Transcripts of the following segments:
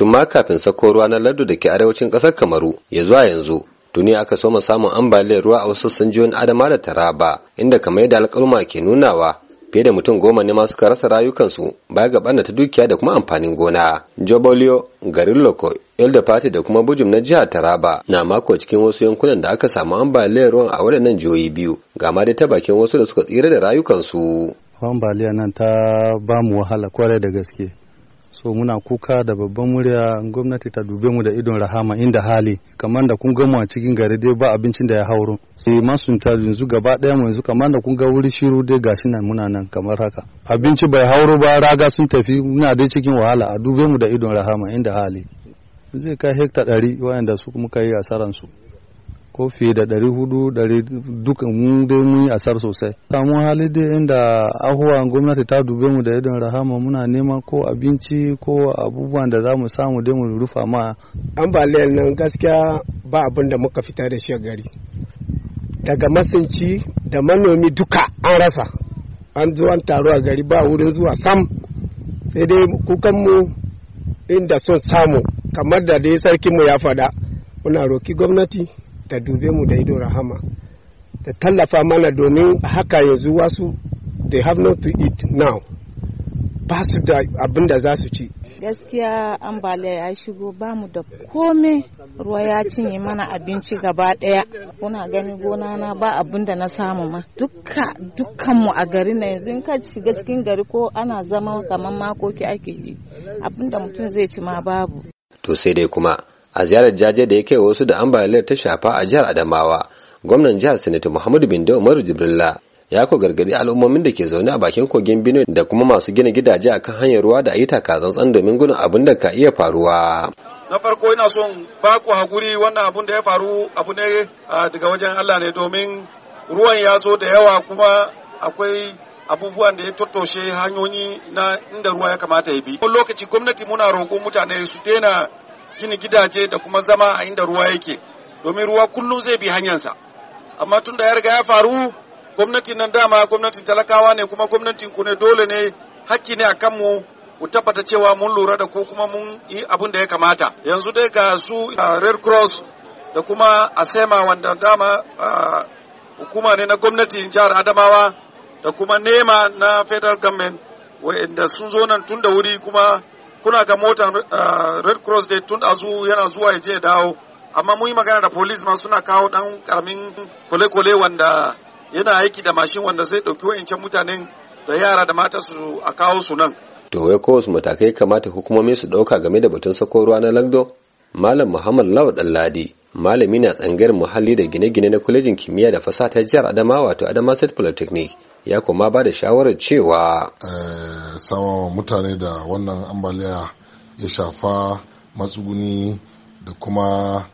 tun ma kafin sako ruwa na lardu da ke arewacin ƙasar kamaru ya zuwa yanzu tuni aka soma samun ambaliyar ruwa a wasu sanjiyoyin adama da taraba inda kamar yadda alkaluma ke nunawa fiye da mutum goma ne ma suka rasa rayukansu baya ga ta dukiya da kuma amfanin gona. Jobolio, garin Loko, da kuma Bujum na jihar Taraba na mako cikin wasu yankunan da aka samu ambaliyar ruwan a waɗannan jihohi biyu, ga ma dai ta bakin wasu da suka tsira da rayukansu. Ambaliya nan ta ba mu wahala kwarai da gaske. so muna kuka da babban murya gwamnati ta dube mu da idon rahama inda hali kamar da kun gama cikin gari dai ba abincin da ya hauro sai masunta yanzu gaba ɗaya mu yanzu kamar da kun ga wuri shiru dai gashi nan muna nan kamar haka abinci bai hauro ba raga sun tafi muna dai cikin wahala a dube mu da idon rahama inda hali zai kai hekta ɗari wayanda su muka yi asaransu ko fiye da ɗari hudu ɗari duka mun dai mun yi asar sosai samun hali dai inda ahuwa gwamnati ta dube mu da idon rahama muna neman ko abinci ko abubuwan da za mu samu dai mu rufa ma ambaliyar nan gaskiya ba abin da muka fita da shi gari daga masinci da manomi duka an rasa an zo an taro a gari ba wurin zuwa sam sai dai kukan mu inda son samu kamar da dai sarkinmu ya faɗa muna roki gwamnati ta dube mu da ido rahama ta tallafa mana domin haka yanzu wasu they have not to eat now ba su da abin da za su ci gaskiya ambaliya ya shigo ba mu da komai ruwa ya cinye mana abinci gaba daya kuna gani gona na ba abin da na samu ma dukka a gari na yanzu in ka shiga cikin gari ko ana zama kamar makoki ake yi abin da mutum zai ci ma babu to sai dai kuma a ziyarar jaje da ya kai wasu da ambaliyar ta shafa a jihar adamawa gwamnan jihar sanata muhammadu bindo umaru jibrilla ya ko gargadi al'ummomin da ke zaune a bakin kogin Benue da kuma masu gina gidaje a kan hanyar ruwa da ayyuka kazantsan domin gudun abin da ka iya faruwa. Na farko ina son ba ku hakuri wannan abun da ya faru abu ne daga wajen Allah ne domin ruwan ya zo da yawa kuma akwai abubuwan da ya tattoshe hanyoyi na inda ruwa ya kamata ya bi. Wani lokaci gwamnati muna roƙo mutane su daina gina gidaje da kuma zama a inda ruwa yake domin ruwa kullum zai bi hanyarsa amma tun da ya riga ya faru gwamnatin nan dama gwamnatin talakawa ne kuma gwamnatin ku ne dole ne hakki ne a kanmu ku tabbata cewa mun lura da ko kuma mun yi abin da ya kamata yanzu dai ga su red cross da kuma asema wanda dama hukuma ne na gwamnatin jihar adamawa da kuma nema na federal government wa'inda sun zo nan tun da wuri kuma kuna ga motar uh, red cross da tun azu yana zuwa ya je dawo amma mun yi magana da police ma suna kawo dan karamin kole-kole wanda yana aiki da mashin wanda zai ɗauki wayancan mutanen da yara da mata su a kawo su nan to wai ko su matakai kamata hukumomi su ɗauka game da batun sako ruwa na lagdo malam muhammad lawal Ladi. malami na tsangayar muhalli da gine-gine na kwalejin kimiyya da fasaha ta jihar adama wato adama state polytechnic ya kuma ba da shawarar cewa eh, sama mutane da wannan ambaliya ya shafa matsuguni da kuma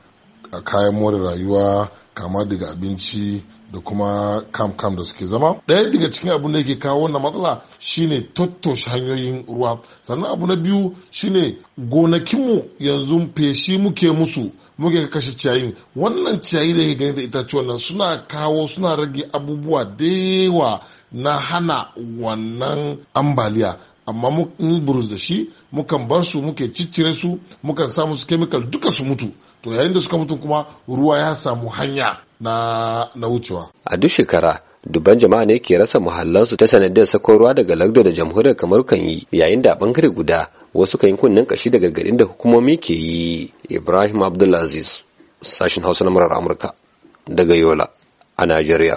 kayan more rayuwa kama daga abinci da kuma kam kam da suke zama ɗaya daga cikin abin da yake kawo wannan matsala shine tattoshe hanyoyin ruwa sannan abu na biyu shine gonakinmu yanzu feshi muke musu muke kashe ciyayin wannan ciyayi da ya gani da itaciyon nan suna kawo suna rage abubuwa da yawa na hana wannan ambaliya amma mun buruz da shi mukan bar su muke ciccire su mukan samu musu kemikal duka su mutu to yayin da suka mutu kuma ruwa ya samu hanya na wucewa a duk shekara dubban jama'a ne ke rasa muhallansu ta sanadiyar sako ruwa daga lagdo da jamhuriyar kamar kan yi yayin da a bangare guda wasu kan yi kunnen kashi da gargadin da hukumomi ke yi ibrahim abdulaziz sashin hausa na murar amurka daga yola a najeriya